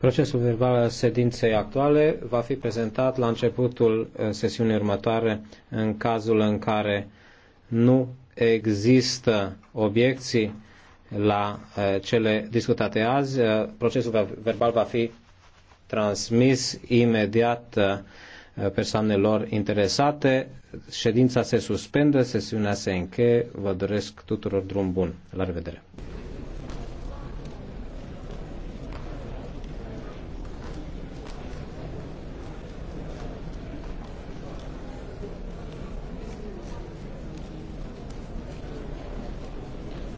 Procesul verbal al sedinței actuale va fi prezentat la începutul eh, sesiunii următoare în cazul în care nu există obiecții la eh, cele discutate azi. Eh, procesul verbal va fi transmis imediat persoanelor interesate. Ședința se suspendă, sesiunea se încheie. Vă doresc tuturor drum bun. La revedere!